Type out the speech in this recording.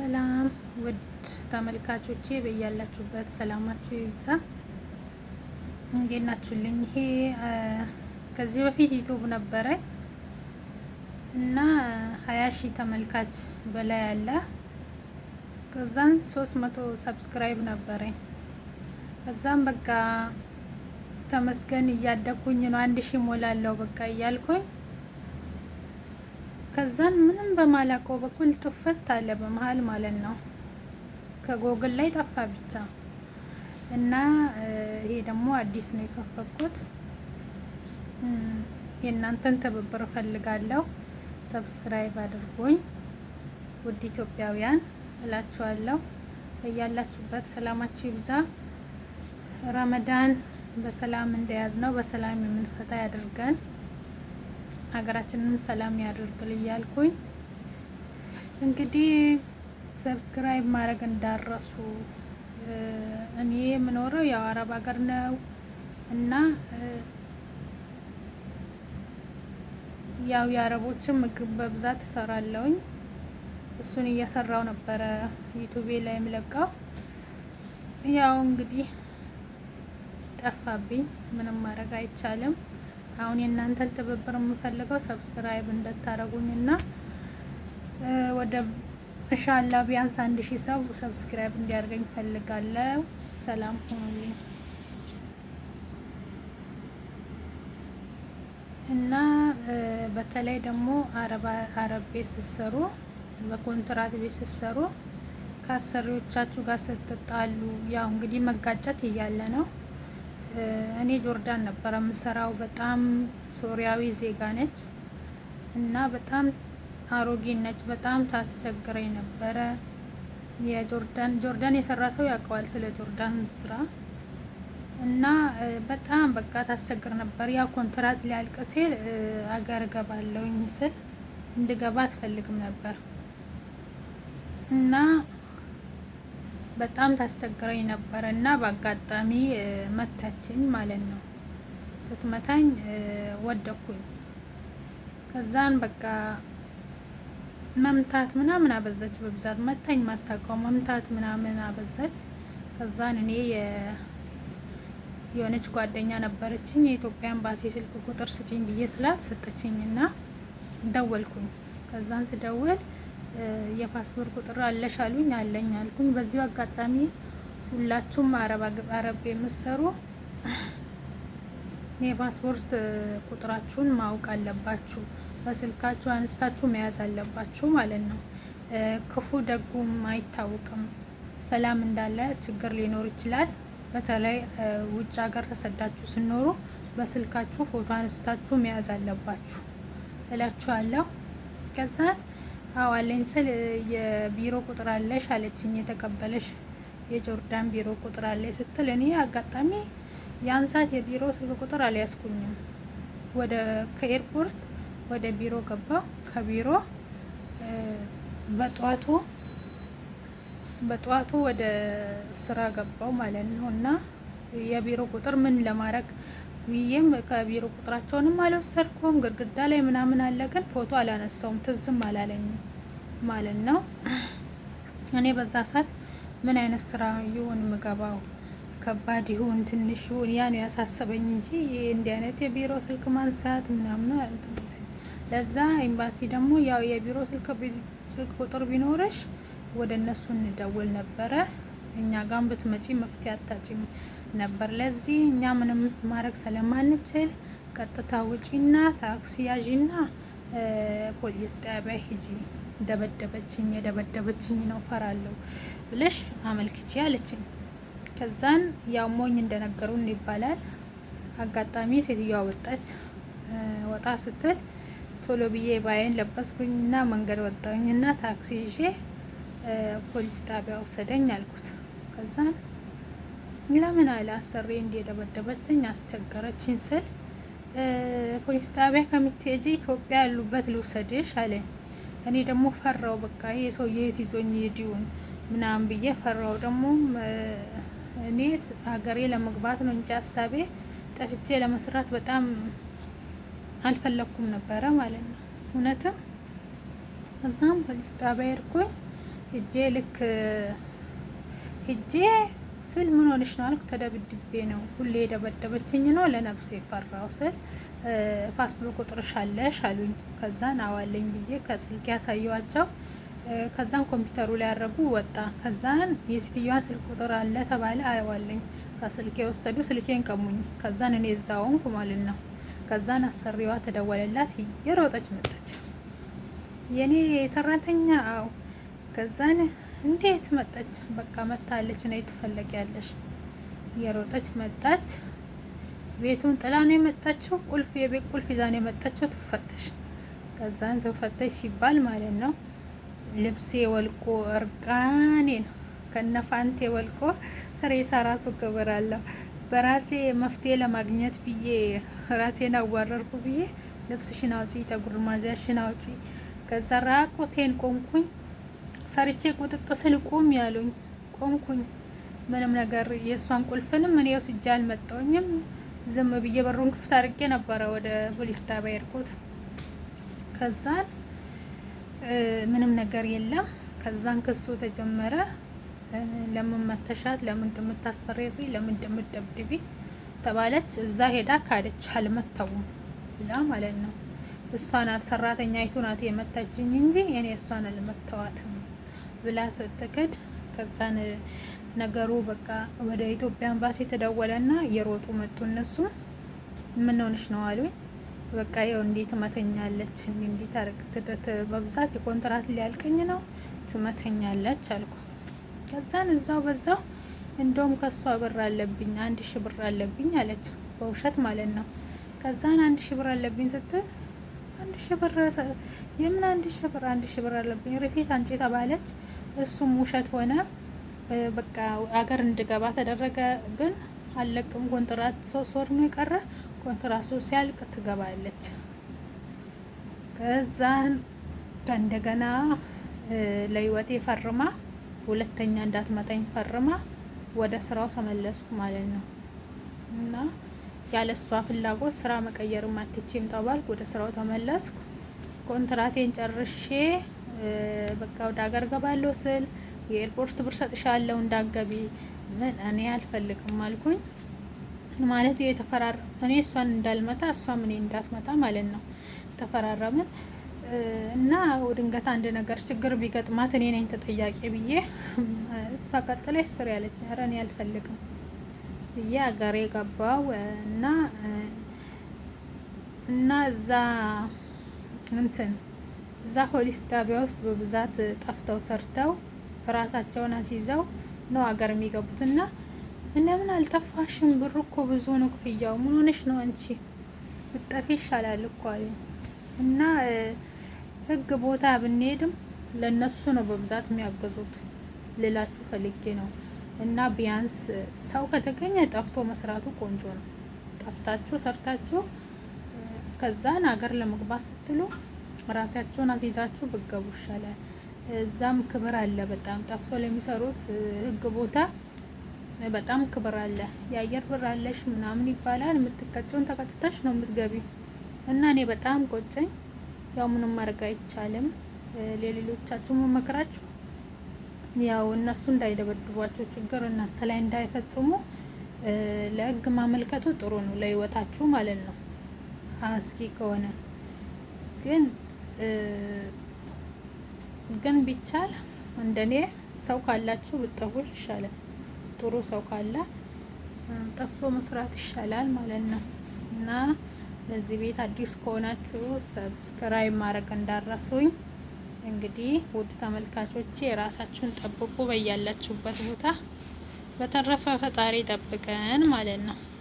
ሰላም ውድ ተመልካቾቼ በያላችሁበት ሰላማችሁ ይብዛ። እንዴት ናችሁልኝ? ይሄ ከዚህ በፊት ዩቱብ ነበረ እና ሀያ ሺህ ተመልካች በላይ አለ። ከዛን ሶስት መቶ ሰብስክራይብ ነበረ። ከዛም በቃ ተመስገን እያደኩኝ ነው አንድ ሺህ ሞላለሁ በቃ እያልኩኝ ከዛን ምንም በማላቀው በኩል ጥፍት አለ በመሀል ማለት ነው። ከጎግል ላይ ጠፋ ብቻ እና ይሄ ደግሞ አዲስ ነው የከፈትኩት። የእናንተን ትብብር እፈልጋለሁ። ሰብስክራይብ አድርጎኝ ውድ ኢትዮጵያውያን እላችኋለሁ። በያላችሁበት ሰላማችሁ ይብዛ። ረመዳን በሰላም እንደያዝ ነው በሰላም የምንፈታ ያድርገን። ሀገራችንም ሰላም ያደርግል እያልኩኝ እንግዲህ ሰብስክራይብ ማድረግ እንዳረሱ። እኔ የምኖረው ያው አረብ ሀገር ነው እና ያው የአረቦችን ምግብ በብዛት እሰራለሁኝ። እሱን እየሰራው ነበረ ዩቱቤ ላይ የምለቀው። ያው እንግዲህ ጠፋብኝ፣ ምንም ማድረግ አይቻልም። አሁን የእናንተን ትብብር የምፈልገው ሰብስክራይብ እንደታረጉኝ እና ወደ እንሻላ ቢያንስ አንድ ሺህ ሰው ሰብስክራይብ እንዲያደርገኝ ፈልጋለሁ። ሰላም ሆኑልኝ እና በተለይ ደግሞ አረብ ቤት ስትሰሩ፣ በኮንትራት ቤት ስትሰሩ ከአሰሪዎቻችሁ ጋር ስትጣሉ ያው እንግዲህ መጋጨት እያለ ነው እኔ ጆርዳን ነበረ የምሰራው። በጣም ሶሪያዊ ዜጋ ነች እና በጣም አሮጌ ነች። በጣም ታስቸግረኝ ነበረ። የጆርዳን ጆርዳን የሰራ ሰው ያውቀዋል ስለ ጆርዳን ስራ እና በጣም በቃ ታስቸግር ነበር። ያ ኮንትራት ሊያልቅ ሲል አገር ገባለሁኝ ስል እንድገባ አትፈልግም ነበር እና በጣም ታስቸግረኝ ነበረ እና በአጋጣሚ መታችኝ ማለት ነው። ስትመታኝ ወደኩኝ። ከዛን በቃ መምታት ምናምን አበዛች በብዛት መታኝ ማታውቀው መምታት ምናምን አበዛች። ከዛን እኔ የሆነች ጓደኛ ነበረችኝ የኢትዮጵያ ኤምባሲ ስልክ ቁጥር ስጭኝ ብዬ ስላት ሰጠችኝ እና ደወልኩኝ። ከዛን ስደውል የፓስፖርት ቁጥር አለሽ አሉኝ። አለኝ አልኩኝ። በዚሁ አጋጣሚ ሁላችሁም አረብ አረብ የምትሰሩ የፓስፖርት ቁጥራችሁን ማወቅ አለባችሁ። በስልካችሁ አነስታችሁ መያዝ አለባችሁ ማለት ነው። ክፉ ደጉም አይታወቅም። ሰላም እንዳለ ችግር ሊኖር ይችላል። በተለይ ውጭ ሀገር ተሰዳችሁ ስኖሩ በስልካችሁ ፎቶ አንስታችሁ መያዝ አለባችሁ እላችኋለሁ። ከዛ አዎ አለኝ ስል የቢሮ ቁጥር አለሽ አለችኝ። የተቀበለሽ የጆርዳን ቢሮ ቁጥር አለ ስትል እኔ አጋጣሚ ያን ሰዓት የቢሮ ስልክ ቁጥር አልያዝኩኝም። ወደ ከኤርፖርት ወደ ቢሮ ገባሁ። ከቢሮ በጠዋቱ በጠዋቱ ወደ ስራ ገባው ማለት ነው እና የቢሮ ቁጥር ምን ለማድረግ ውዬም ከቢሮ ቁጥራቸውንም አልወሰድኩም። ግድግዳ ላይ ምናምን አለ፣ ግን ፎቶ አላነሳውም ትዝም አላለኝም ማለት ነው። እኔ በዛ ሰዓት ምን አይነት ስራ ይሁን ምገባው ከባድ ይሁን ትንሽ ይሁን ያ ነው ያሳሰበኝ እንጂ እንዲህ አይነት የቢሮ ስልክ ማንሳት ምናምን ለዛ ኤምባሲ ደግሞ ያው የቢሮ ስልክ ቁጥር ቢኖርሽ ወደ እነሱ እንደውል ነበረ። እኛ ጋም ብትመጪ መፍትሄ አታጭም ነበር። ለዚህ እኛ ምንም ማድረግ ስለማንችል ቀጥታ ውጪና ታክሲ ያዥና ፖሊስ ጣቢያ ሂጂ፣ ደበደበችኝ፣ የደበደበችኝ ነው ፈራለሁ ብለሽ አመልክቺ አለችኝ። ከዛን ያው ሞኝ እንደነገሩን ይባላል። አጋጣሚ ሴትዮዋ ወጣች። ወጣ ስትል ቶሎ ብዬ ባይን ለበስኩኝና መንገድ ወጣኝና ታክሲ ይዤ ፖሊስ ጣቢያ ወሰደኝ አልኩት። ከዛ ለምን አለ አሰሪ እንደደበደበችኝ አስቸገረችኝ ስል ፖሊስ ጣቢያ ከምትሄጂ ኢትዮጵያ ያሉበት ልውሰድሽ አለኝ። እኔ ደግሞ ፈራው። በቃ ይሄ ሰው የት ይዞኝ ይዲውን ምናምን ብዬ ፈራው። ደግሞ እኔ ሀገሬ ለመግባት ነው እንጂ ሀሳቤ ጠፍቼ ለመስራት በጣም አልፈለኩም ነበረ ማለት ነው። እውነትም እዛም ፖሊስ ጣቢያ ሄድኩኝ እጄ ልክ ሂጄ ስል ምን ሆነሽ ነው አልኩ። ተደብድቤ ነው ሁሌ የደበደበችኝ ነው ለነፍሴ የፈራው ስል ፓስፖርት ቁጥርሽ አለሽ አሉኝ። ከዛ ናዋለኝ ብዬ ከስልክ ያሳየዋቸው። ከዛን ኮምፒውተሩ ላይ ያደረጉ ወጣ። ከዛን የሴትዮዋን ስልክ ቁጥር አለ ተባለ። አዋለኝ ከስልክ የወሰዱ ስልኬን ቀሙኝ። ከዛን እኔ እዛውን ኩማልን ነው። ከዛን አሰሪዋ ተደወለላት። የሮጠች መጣች የኔ ሰራተኛ። አው ከዛን እንዴት መጣች? በቃ መታለች ነው ትፈለጊያለሽ። የሮጠች መጣች። ቤቱን ጥላ ነው የመጣችው። ቁልፍ የቤት ቁልፍ ይዛ ነው የመጣችው። ትፈተሽ ከዛን ትፈተሽ ሲባል ማለት ነው ልብሴ ወልቆ እርቃኔ ነው ከነፋንቴ ወልቆ ሬሳ ራሱ ገበራለሁ። በራሴ መፍትሄ ለማግኘት ብዬ ራሴን አዋረርኩ ብዬ ልብስሽን አውጪ፣ ጠጉር ማዚያሽን አውጪ። ከዛ ራቁቴን ቆምኩኝ። ፈርቼ ቁጥጥ ስል ቁም ያሉኝ ቆምኩኝ። ምንም ነገር የእሷን ቁልፍንም እኔ ወስጄ አልመጣሁኝም። ዝም ብዬ በሩን ክፍት አድርጌ ነበረ ወደ ፖሊስ ጣቢያ የሄድኩት። ከዛን ምንም ነገር የለም። ከዛን ክሱ ተጀመረ። ለምን መተሻት፣ ለምን እንደምታስፈሪሪ፣ ለምን እንደምትደብድቢ ተባለች። እዛ ሄዳ ካደች፣ አልመተውም ብላ ማለት ነው። እሷ ናት ሰራተኛ አይቱ ናት የመታችኝ እንጂ እኔ እሷን አልመተዋትም። ብላ ስትክድ ከዛን ነገሩ በቃ ወደ ኢትዮጵያ ኤምባሲ ተደወለና የሮጡ መጡ። እነሱ ምን ሆነሽ ነው አሉኝ። በቃ ይኸው እንዲህ ትመተኛለች እንዲህ ታረግትደት በብዛት የኮንትራት ሊያልቀኝ ነው ትመተኛለች አልኩ። ከዛን እዛው በዛው እንደውም ከሷ ብር አለብኝ አንድ ሺ ብር አለብኝ አለች፣ በውሸት ማለት ነው። ከዛን አንድ ሺ ብር አለብኝ ስትል አንድ ሺ ብር የምን አንድ ሺ ብር አንድ ሺ ብር አለብኝ ሪሲት አንጪ ተባለች። እሱም ውሸት ሆነ። በቃ አገር እንድገባ ተደረገ። ግን አለቅም። ኮንትራት ሶስት ወር ነው የቀረ። ኮንትራቱ ሲያልቅ ትገባለች። ከዛን ከእንደገና ለህይወቴ ፈርማ ሁለተኛ እንዳትመታኝ ፈርማ ወደ ስራው ተመለስኩ ማለት ነው። እና ያለ እሷ ፍላጎት ስራ መቀየርም አትችም ተባልኩ። ወደ ስራው ተመለስኩ። ኮንትራቴን ጨርሼ በቃ ወደ ሀገር ገባለሁ ስል የኤርፖርት ብር ሰጥሻለሁ እንዳገቢ ምን እኔ አልፈልግም አልኩኝ። ማለት የተፈራረ እኔ እሷን እንዳልመታ እሷም እኔ እንዳትመታ ማለት ነው ተፈራረምን እና ድንገት አንድ ነገር ችግር ቢገጥማት እኔ ነኝ ተጠያቂ ብዬ እሷ ቀጥለ ስር ያለች ኧረ እኔ አልፈልግም ብዬ ሀገሬ ገባው እና እና እዛ እንትን እዛ ፖሊስ ጣቢያ ውስጥ በብዛት ጠፍተው ሰርተው ራሳቸውን አስይዘው ነው ሀገር የሚገቡትና እንደምን አልጠፋሽም? ብሩ እኮ ብዙ ነው ክፍያው። ምን ሆነሽ ነው አንቺ? ብጠፊ ይሻላል እኮ አሉ እና ህግ ቦታ ብንሄድም ለነሱ ነው በብዛት የሚያገዙት ልላችሁ ፈልጌ ነው። እና ቢያንስ ሰው ከተገኘ ጠፍቶ መስራቱ ቆንጆ ነው። ጠፍታችሁ ሰርታችሁ ከዛን ሀገር ለመግባት ስትሉ ራሳቸውን አስይዛችሁ ብገቡ ይሻላል። እዛም ክብር አለ። በጣም ጠፍቶ ለሚሰሩት ህግ ቦታ በጣም ክብር አለ። የአየር ብር አለሽ ምናምን ይባላል። የምትከቸውን ተከትተሽ ነው የምትገቢ እና እኔ በጣም ቆጨኝ። ያው ምንም ማድረግ አይቻልም። ለሌሎቻችሁ መመክራችሁ ያው እነሱ እንዳይደበድቧቸው ችግር እናንተ ላይ እንዳይፈጽሙ ለህግ ማመልከቱ ጥሩ ነው፣ ለህይወታችሁ ማለት ነው። አስጊ ከሆነ ግን ግን ቢቻል እንደኔ ሰው ካላችሁ ብጠጉር ይሻላል። ጥሩ ሰው ካለ ጠፍቶ መስራት ይሻላል ማለት ነው እና ለዚህ ቤት አዲስ ከሆናችሁ ሰብስክራይብ ማድረግ እንዳረሱኝ። እንግዲህ ውድ ተመልካቾች የራሳችሁን ጠብቁ በያላችሁበት ቦታ። በተረፈ ፈጣሪ ጠብቀን ማለት ነው።